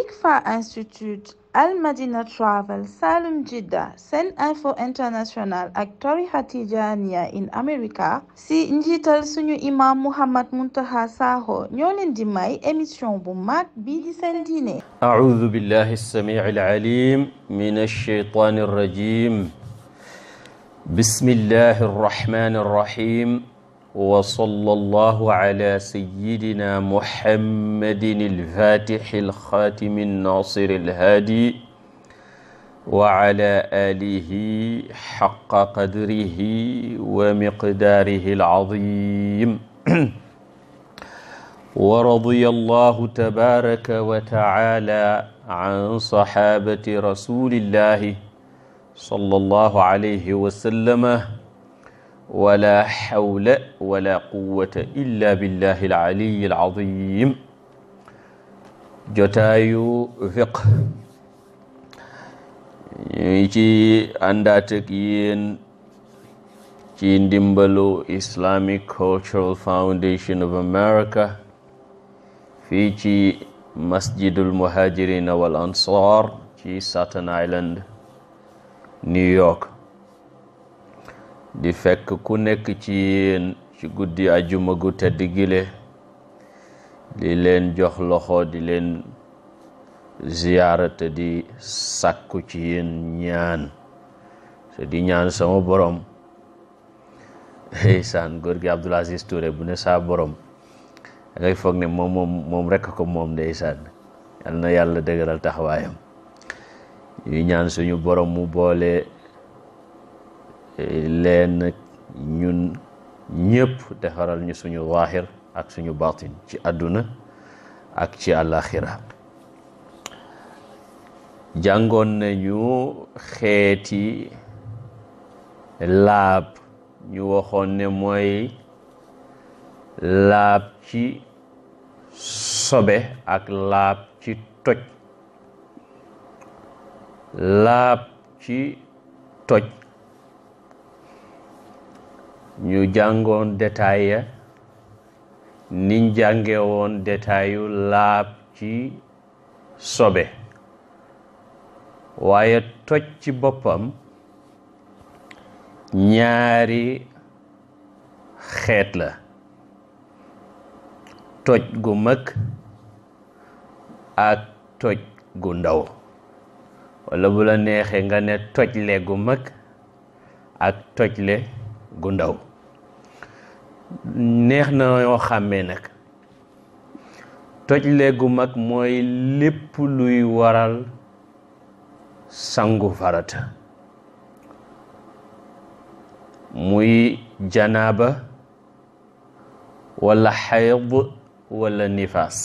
ICFA Institute Al Madina Travel Salum Jidda Sen Info International ak tarixa Tijaaniya in America si njiital suñu imam Muhammad Muntaha Sakho ñoo leen di bu mag bii di seen diine audu billahi alsamii alalim min وصلى الله على سيدنا محمد الفاتح الخاتم الناصر الهادي وعلى آله حق قدره ومقداره العظيم ورضي الله تبارك وتعالى عن صحابة رسول الله صلى الله عليه وسلم wala xawla wala quwwata illa billahi alaliyi alazim jotaayu fiq ñuy ci àndaat ak yéen ci ndimbalu Islamic Cultural Foundation of America fii ci masjidul muhajirin wal ci Staten Island New York di fekk ku nekk ci yéen ci guddi ajuma gu tedd gile di leen jox loxo di leen ziyaara te di sàkku ci yéen ñaan te di ñaan sama boroom saan góor gi Abdoul Aziz Touré bu ne saa borom da ngay foog ne moom moom moom rekk ko moom ndeysaan yal na yàlla dëgëral taxawaayam ñuy ñaan suñu borom mu boole leen ñun ñëpp defaral ñu suñu zaahir ak suñu baatin ci àdduna ak ci àllaaxira jàngoon nañu xeeti laab ñu waxoon ne mooy laab ci sobe ak laab ci toj laab ci toj ñu jàngoon détail ya ni jàngewoon woon détailu laab ci sobe waaye toj ci boppam ñaari xeet la toj gu mag ak toj gu ndaw wala bu la neexee nga ne tojle gu mag ak tojle gu ndaw neex na yoo xàmmee nag toj léegu mag mooy lépp luy waral sangu farata muy janaaba wala xayd wala nifaas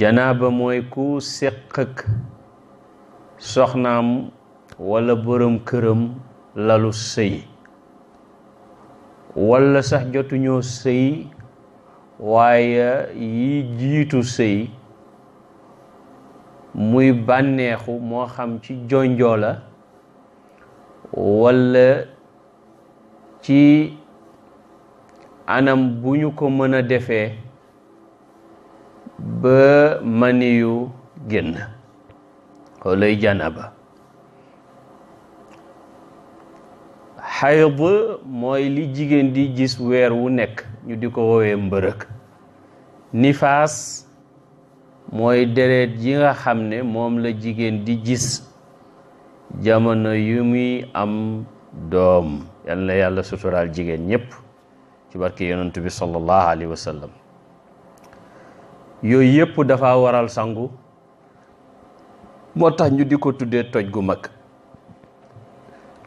janaaba mooy ku séq ak soxnaam wala boroom këram lalu sëy walla sax jotuñoo sëy waaye yi jiitu sëy muy bànneexu moo xam ci jonjoo la walla ci anam bu ñu ko mën a defee ba mani yu maniyu génn loolay janaba xayd mooy li jigéen di gis weer wu nekk ñu di ko woowee mbërëg nifaas mooy deret yi nga xam ne moom la jigéen di gis jamono yu muy am doom yal yàlla suturaal jigéen ñépp ci barke yonent bi sallallahu alayhi wa sallam yooyu yépp dafa waral sangu moo tax ñu di ko tuddee toj gu mag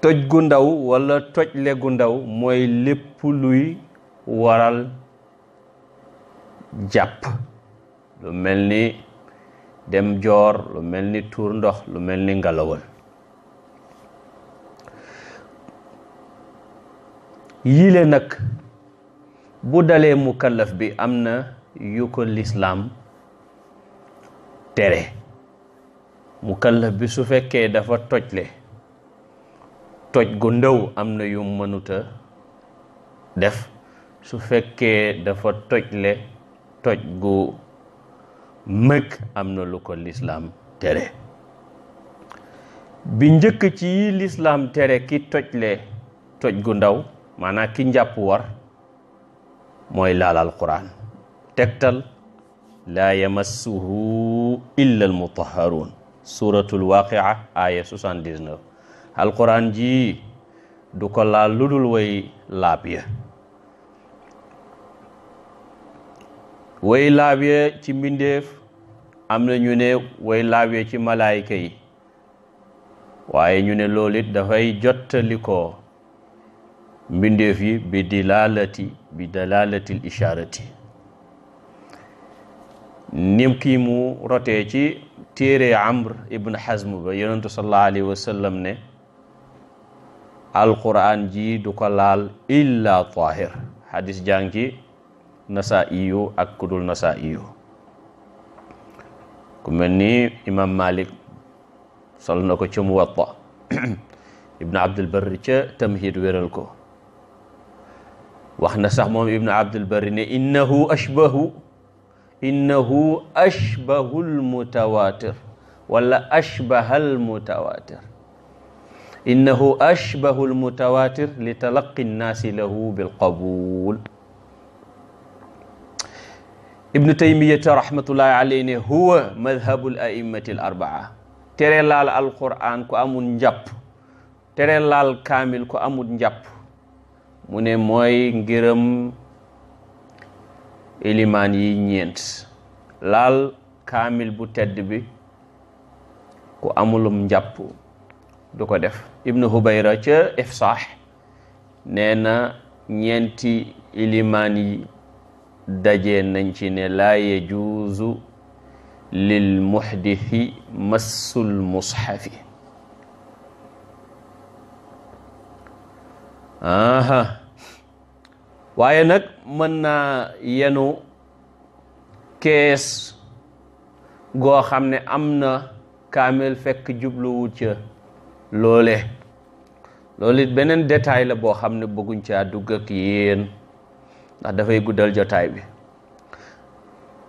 toj gu ndaw wala tojle gu ndaw mooy lépp luy waral jàpp lu mel ni dem joor lu mel ni tuur ndox lu mel ni ngalawal yile nag bu dalee mukallaf bi am na yu ko lislaam tere mukallaf bi su fekkee dafa tojle toj gu ndaw am na yu mënuta def su fekkee dafa toj le toj gu mëg am na lu ko lislaam tere bi njëkk ci yi lislaam tere ki tojle toj gu ndaw maanaa ki njàpp war mooy laal alquran tegtal laa yamassuhu illa almutaharuun suratul waaqia aya 79 alquran ji du ko laal ludul dul way laab ya way laab ya ci mbindeef am na ñu ne laab ya ci malaayika yi waaye ñu ne loolu it dafay jottali ko mbindeef yi bi dilalati bi dalalati isharati nim kii mu rotee ci téere amr ibn hazm ba yonentu sallallahu alayhi wa sallam ne alquran ji du ko laal illa tahir hadis jàngi nasa iyu ak kudul nasa iyu ku mel ni imam malik sol na ko ca muwatta ibnu abdulbarri ca tamhid wéral ko wax na sax moom ibnu abdulbarri ne innahu ashbahu innahu ashbahu almutawatir wala ashbaha almutawatir innahu ashbahu almutawatir li talaqi nnaasi lahu bilqabul ibnu taymiyata rahmatullahi alayhi ne huwa madhabu l a'immati l arbaa tere laal alquran ku amul njàpp tere laal kaamil ku amul njàpp mu ne mooy ngërëm ilimaan yi ñeent laal kaamil bu tedd bi ku amulum njàpp du ko def ibnu hubayra ca ifsaax nee na ñeenti ilimaan yi daje nañ ci ne laa yajuuzu lil muxdisi massul musxafi aha waaye nag mën naa yenu kees goo xam ne am na kaamil fekk jubluwu ca loole loolu beneen detaay la boo xam ne bëgguñ caa dugg ak yéen ndax dafay guddal jotaay bi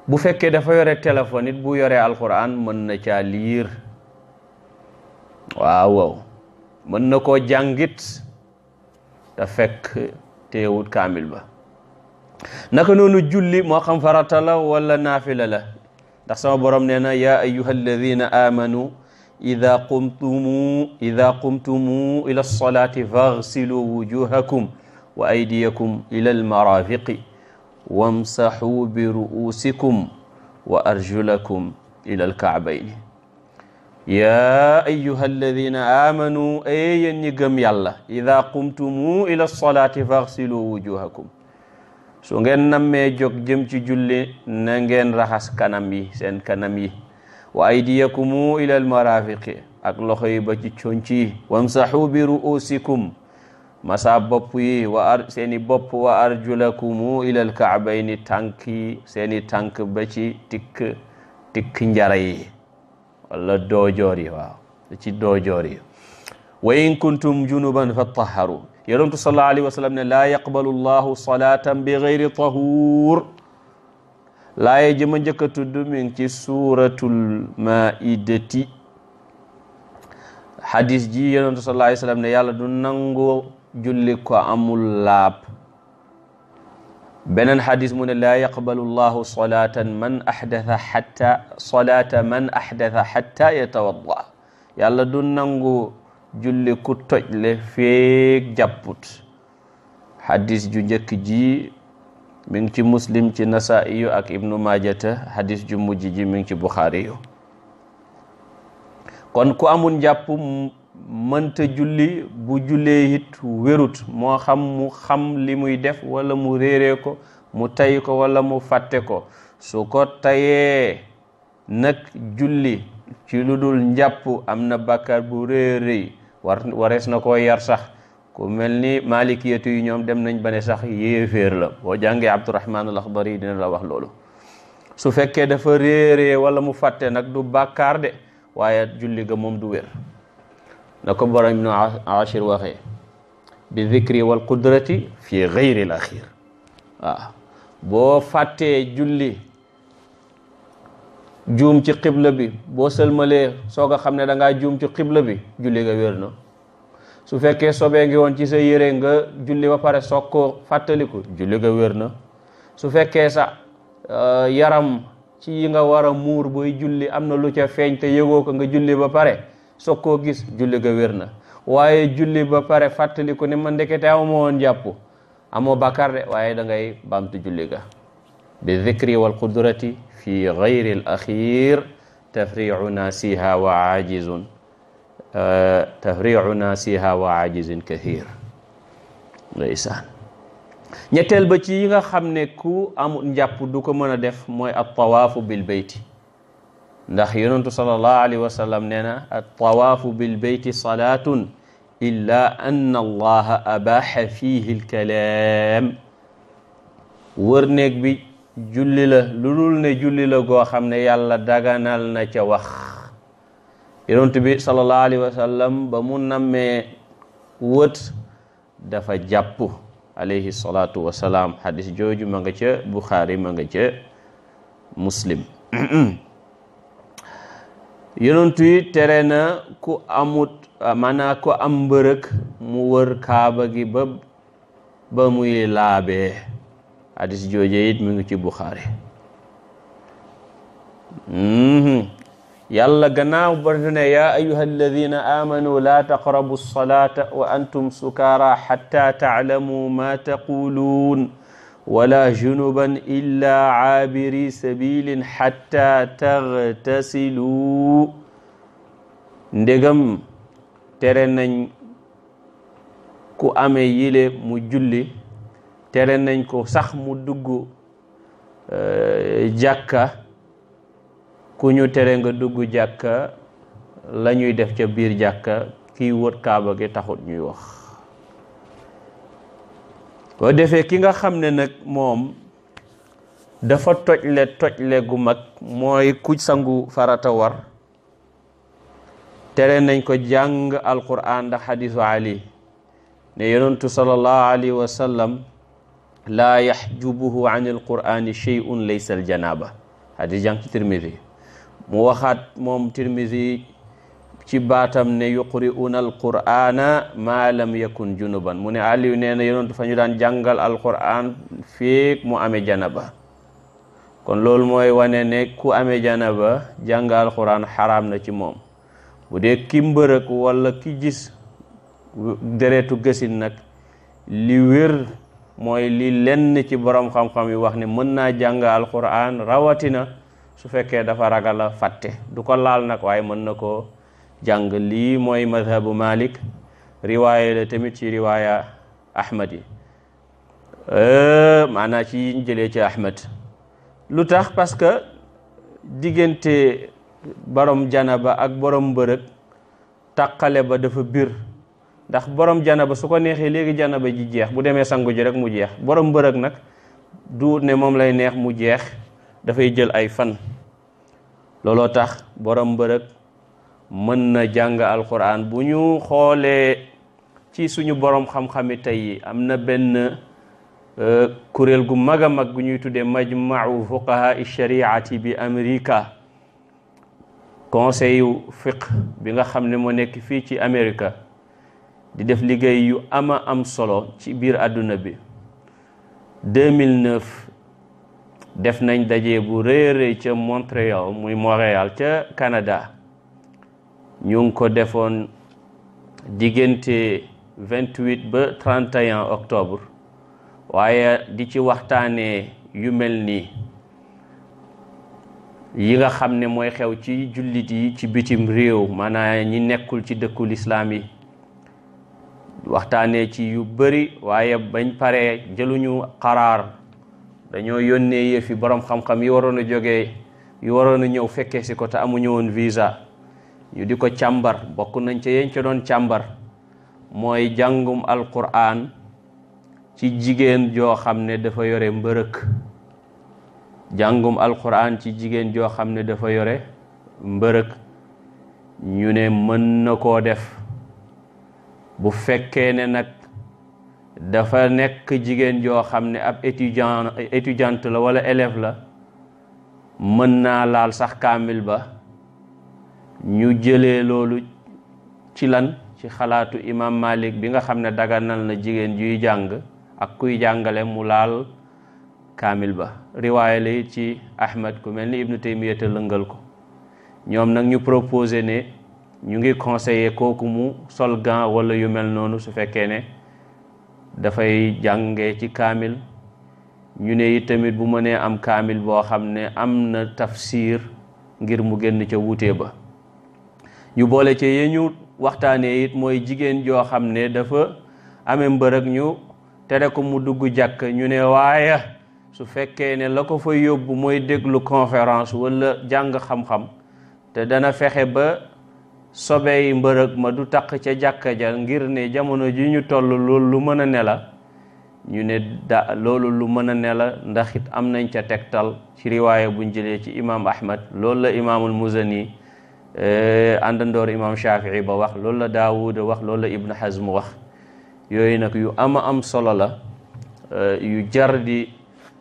bu fekkee dafa yore téléphone bu yore alxuraan mën na caa liir waaw waaw mën na koo jàngit te fekk teewut kaamil ba naka noonu julli moo xam farata la wala naafila la ndax sama borom nee na yaa ayyuha alladina amanu ida qumtumu ida qumtumu ila lsolati faghsilu wujuhakum wa aydiyakum ila almarafiqi wamsaxuu bi ru'uusikum wa arjulakum ila alkaabayni yaa ayuha alladina aamanuu ay yéen ñi gëm yàlla ida qumtumu ila lsolati faghsilu wujuhakum su ngeen nammee jóg jëm ci julli na ngeen raxas kanam yi seen kanam yi wa aydiyakumu ila almarafiqi ak loxo yi ba ci conc yi wamsaxu bi ruusikum masa bopp yi wa ar seeni bopp wa arjulakumu ila alkaabayni tànk yi seeni tànk ba ci tikk tikk njara yi wala doojoor yi waaw ba ci doojoor yi wa in kuntum junuban fattaharu yonentu sallallahu alayhi wa sallam ne laa yaqbalu llahu salatan bi gayri tahur laaye jëma njëkk a tudd mi ngi ci hadis ji yonentu sallallahu alayhi wasallam ne yàlla du nangu julli ko amul laab beneen hadis mu ne la yaqbalu llahu solatan man ahdatha hatta solata man ahdatha hatta yatawadda yàlla du nangu julli ku tojle feeg jàpput hadis ju njëkk ji mi ngi ci muslim ci nasaa'iyu ak ibnu maajata hadis ju ji mi ngi ci buxaariyu kon ku amul njàpp mënta julli bu jullee it wérut moo xam mu xam li muy def wala mu réeree ko mu tay ko wala mu fàtte ko su ko tayee nag julli ci lu dul njàpp am na bàkkaar bu réeréy warees na ko yar sax ku mel ni maalikiyatu yi ñoom dem nañ ba ne sax yéeféer la boo jàngee Abdurahman al Axdari dina la wax loolu su fekkee dafa réeree walla mu fàtte nag du bàkkaar de waaye julli ga moom du wér na ko borom Ibnu Ashir waxee bi zikri wal qudrati fi gayri l axir waaw boo fàttee julli juum ci xibla bi boo sëlmalee soo a xam ne danga juum ci xibla bi julli nga wér na su fekkee sobee ngi woon ci sa yére nga julli ba pare soog koo fàttaliku julli nga wér na su fekkee sa euh, yaram ci yi nga war a muur booy julli am na lu ca feeñ te yëgoo ko nga julli ba pare soog koo gis julli nga wér na waaye julli ba pare fàttaliku ne man ndekete amuma woon jàpp amoo bàkkaar de waaye da ngay bamtu julli ga bi dhikri wal qudrati fi gayri al axir nasiha wa ajizun tafriuna siha wa ajizin kathir ndeysaan ñetteel ba ci yi nga xam ne ku amul du ko mën a def mooy at tawaafu bil ndax yonentu sallallahu alayhi wa sallam nee na at tawaafu bil beyti salaatun illa anna fiihi lkalaam wër bi julli la lu dul ne julli la goo xam ne yàlla daganal na ca wax yonent bi sallallahu alayhi wa ba mu nammee wët dafa jàpp alayhi salaatu wa salaam xadis jooju ma nga ca Buxaari ma nga ca Muslim yonent yi tere na ku amut maanaa ku am mbërëk mu wër kaaba gi ba ba muy laabee xadis jooje it mu ngi ci Buxaari mm-hmm. yàlla gannaaw ba ne yaa ayuha alladina amanu laa taqrabu alsalata wa antum sukaara xatta taalamu ma taquluun wala junuban illa aabiri sabilin xatta tagtasilu ndegam tere nañ ku amee yile mu julli tere nañ ko sax mu dugg eh, jàkka ku ñu tere nga dugg jàkka lañuy def ca biir jàkka kii wër kaaba gi taxut ñuy wax boo defee ki nga xam ne nag moom dafa toj tojle gu mag mooy ku sangu farata war tere nañ ko jàng alquran ndax xadisu ali ne yonentu sallallahu alayhi wa sallam laa yaxjubuhu an alqurani sheyun laysa aljanaaba xadis jàng ci tirmidi mu waxaat moom tirmisi ci baatam ne yuqri'una alqur'ana ma lam yakun junuban mu ne Aliou nee na yonentu fa ñu daan jàngal alqur'an fiig mu amee janaba kon loolu mooy wane ne ku ame janaba jàng alqur'an xaraam na ci moom bu dee ki mbërëk wala ki gis deretu gësin nag li wér mooy li lenn ci boroom xam-xam yi wax ne mën naa jàng alqur'an rawatina su fekkee dafa ragal a fàtte du ko laal nag waaye mën na ko jàng lii mooy madhabu malik riwaaya la tamit ci riwaaya ahmad yi euh, maanaa ci ñu jëlee ci ahmad lu tax parce que diggante borom ba ak borom mbërëg taqale ba dafa biir ndax borom jana ba su ko neexee léegi ba ji jeex bu demee sangu ji rek mu jeex borom mbërëg nag du ne moom lay neex mu jeex dafay jël ay fan looloo tax boroom mbërëg mën na jàng alquran bu ñu xoolee ci suñu boroom xam-xami tey yi am na benn euh, kuréel gu mag a mag gu ñuy tuddee majmau fuqaha shariati bi Amerika conseil yu fiq bi nga xam ne moo nekk fii ci Amerika di def liggéey yu ama am solo ci biir àdduna bi def nañ daje bu rëy rëy ca Montréal muy Montréal ca Canada ñu ngi ko defoon diggante 28 ba 31 octobre waaye di ci waxtaanee yu mel nii yi nga xam ne mooy xew ci jullit yi ci bitim réew maanaam ñi nekkul ci dëkku lislaam yi waxtaanee ci yu bari waaye bañ paree jëluñu xaraar dañoo yónnee yëf boroom borom xam-xam yi waroon a jógee yi waroon a ñëw fekkee si ko te amuñu woon visa ñu di ko càmbar bokk nañ ca yéen ca doon càmbar mooy jàngum alquran ci jigéen joo xam ne dafa yore mbërëk jàngum alquran ci jigéen joo xam ne dafa yore mbërëk ñu ne mën na koo def bu fekkee ne nag dafa nekk jigéen joo xam ne ab étudiant étudiante la walla élève la mën naa laal sax kaamil ba ñu jëlee loolu ci lan ci xalaatu imam Malik bi nga xam ne daganal na jigéen juy jàng ak kuy jàngale mu laal kaamil ba riwaaya la ci Ahmad ku mel ni Ibnu Taymiya te lëngal ko ñoom nag ñu proposé ne ñu ngi conseillé kooku mu sol gant walla yu mel noonu su fekkee ne dafay jànge ci kaamil ñu ne it tamit bu mënee am kaamil boo xam ne am na tafsir ngir mu génn ca wuute ba ñu boole ci ye ñu waxtaanee it mooy jigéen joo xam ne dafa amee mbërëg ñu tere ko mu dugg jàkk ñu ne waaye su fekkee ne la ko fa yóbbu mooy déglu conference walla jàng xam-xam te dana fexe ba sobey mbërëg ma du taq ca jàkka ja ngir ne jamono ji ñu toll loolu lu mën a ne ñu ne da loolu lu mën a ne ndax it am nañ ca tegtal ci riwaaya buñ jëlee ci imaam ahmad loolu la imaamul muzani eh, àndandoor imaam shafii ba wax loolu la daawud wax loolu la ibnu hazm wax yooyu nag yu ama am solo la eh, yu jar di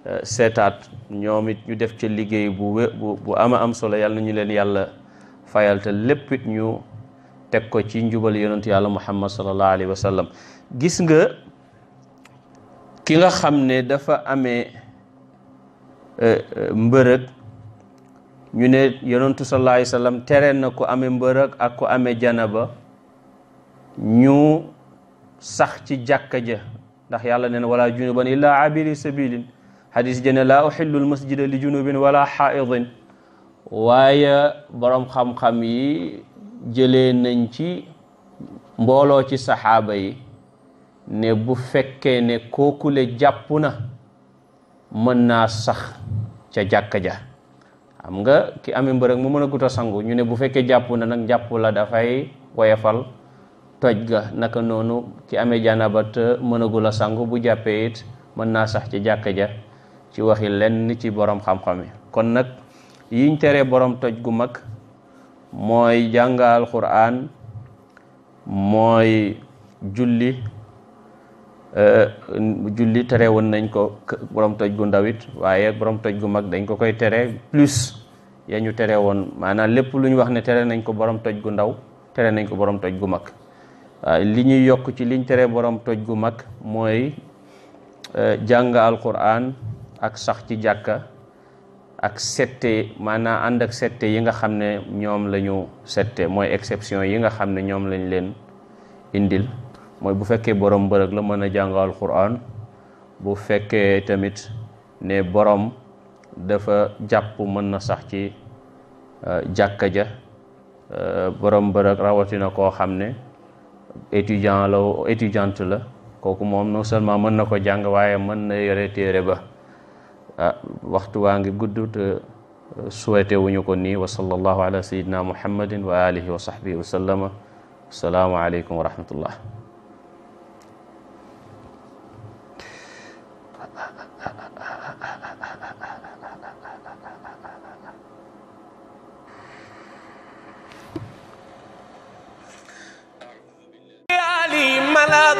eh, seetaat ñoom it ñu def ca liggéey bu bu ama am solo yàlla na ñu leen yàlla fayal te lépp ñu teg ko ci njubal yonent yàlla muhammad sallallahu alayhi wa sallam gis nga ki nga xam ne dafa ame euh, euh, mbërëg ñu ne yonentu sallallahu alayhi wa sallam tere na ku amee mbërëg ak ku amee janaba ñu sax ci jàkka ja ndax yàlla nee wala junuban illa abiri sabilin hadis jëne laa uhillu al masjida li junubin wala xaidin waaye boroom xam-xam yi jëlee nañ ci mbooloo ci saxaaba yi ne bu fekkee ne kookule jàpp na mën naa sax ca jàkk ja xam nga ki amee mbërëg mu mën a gut a sangu ñu ne bu fekkee jàpp na nag jàpp la dafay woyafal toj ga naka noonu ki amee janabat euh, mënagul a sangu bu jàppee it mën naa sax ci jàkk ja ci waxi lenn ci boroom xam-xam yi kon nag yiñ tere borom toj gu mag mooy jàngal Qur'an mooy julli euh, julli tere woon nañ ko borom toj gu ndawit waaye borom toj gu mag dañ ko koy tere plus ya ñu tere woon maanaam lépp lu ñu wax ne tere nañ ko borom toj gu ndaw tere nañ ko borom toj gu mag li ñuy yokk ci liñ tere borom toj gu mag mooy euh, jàng alquran ak sax ci jàkka ak sette maanaam ànd ak sette yi nga xam ne ñoom lañu ñu mooy exception yi nga xam ne ñoom lañu leen indil mooy bu fekkee borom bërëg la mën a jàngal Qur'an bu fekkee tamit ne borom dafa jàpp mën na sax ci euh, jàkka ja euh, borom bërëg rawatina koo xam ne étudiant la étudiante la kooku moom non seulement mën na ko jàng waaye mën na yore téere ba Ah, waxtu waa ngi gudd te ah, souhaité wuñu ko nii wa sallallahu ala sayyidina muhammadin wa alihi wa sahbihi wa sallama assalaamu aleykum wa rahmatullah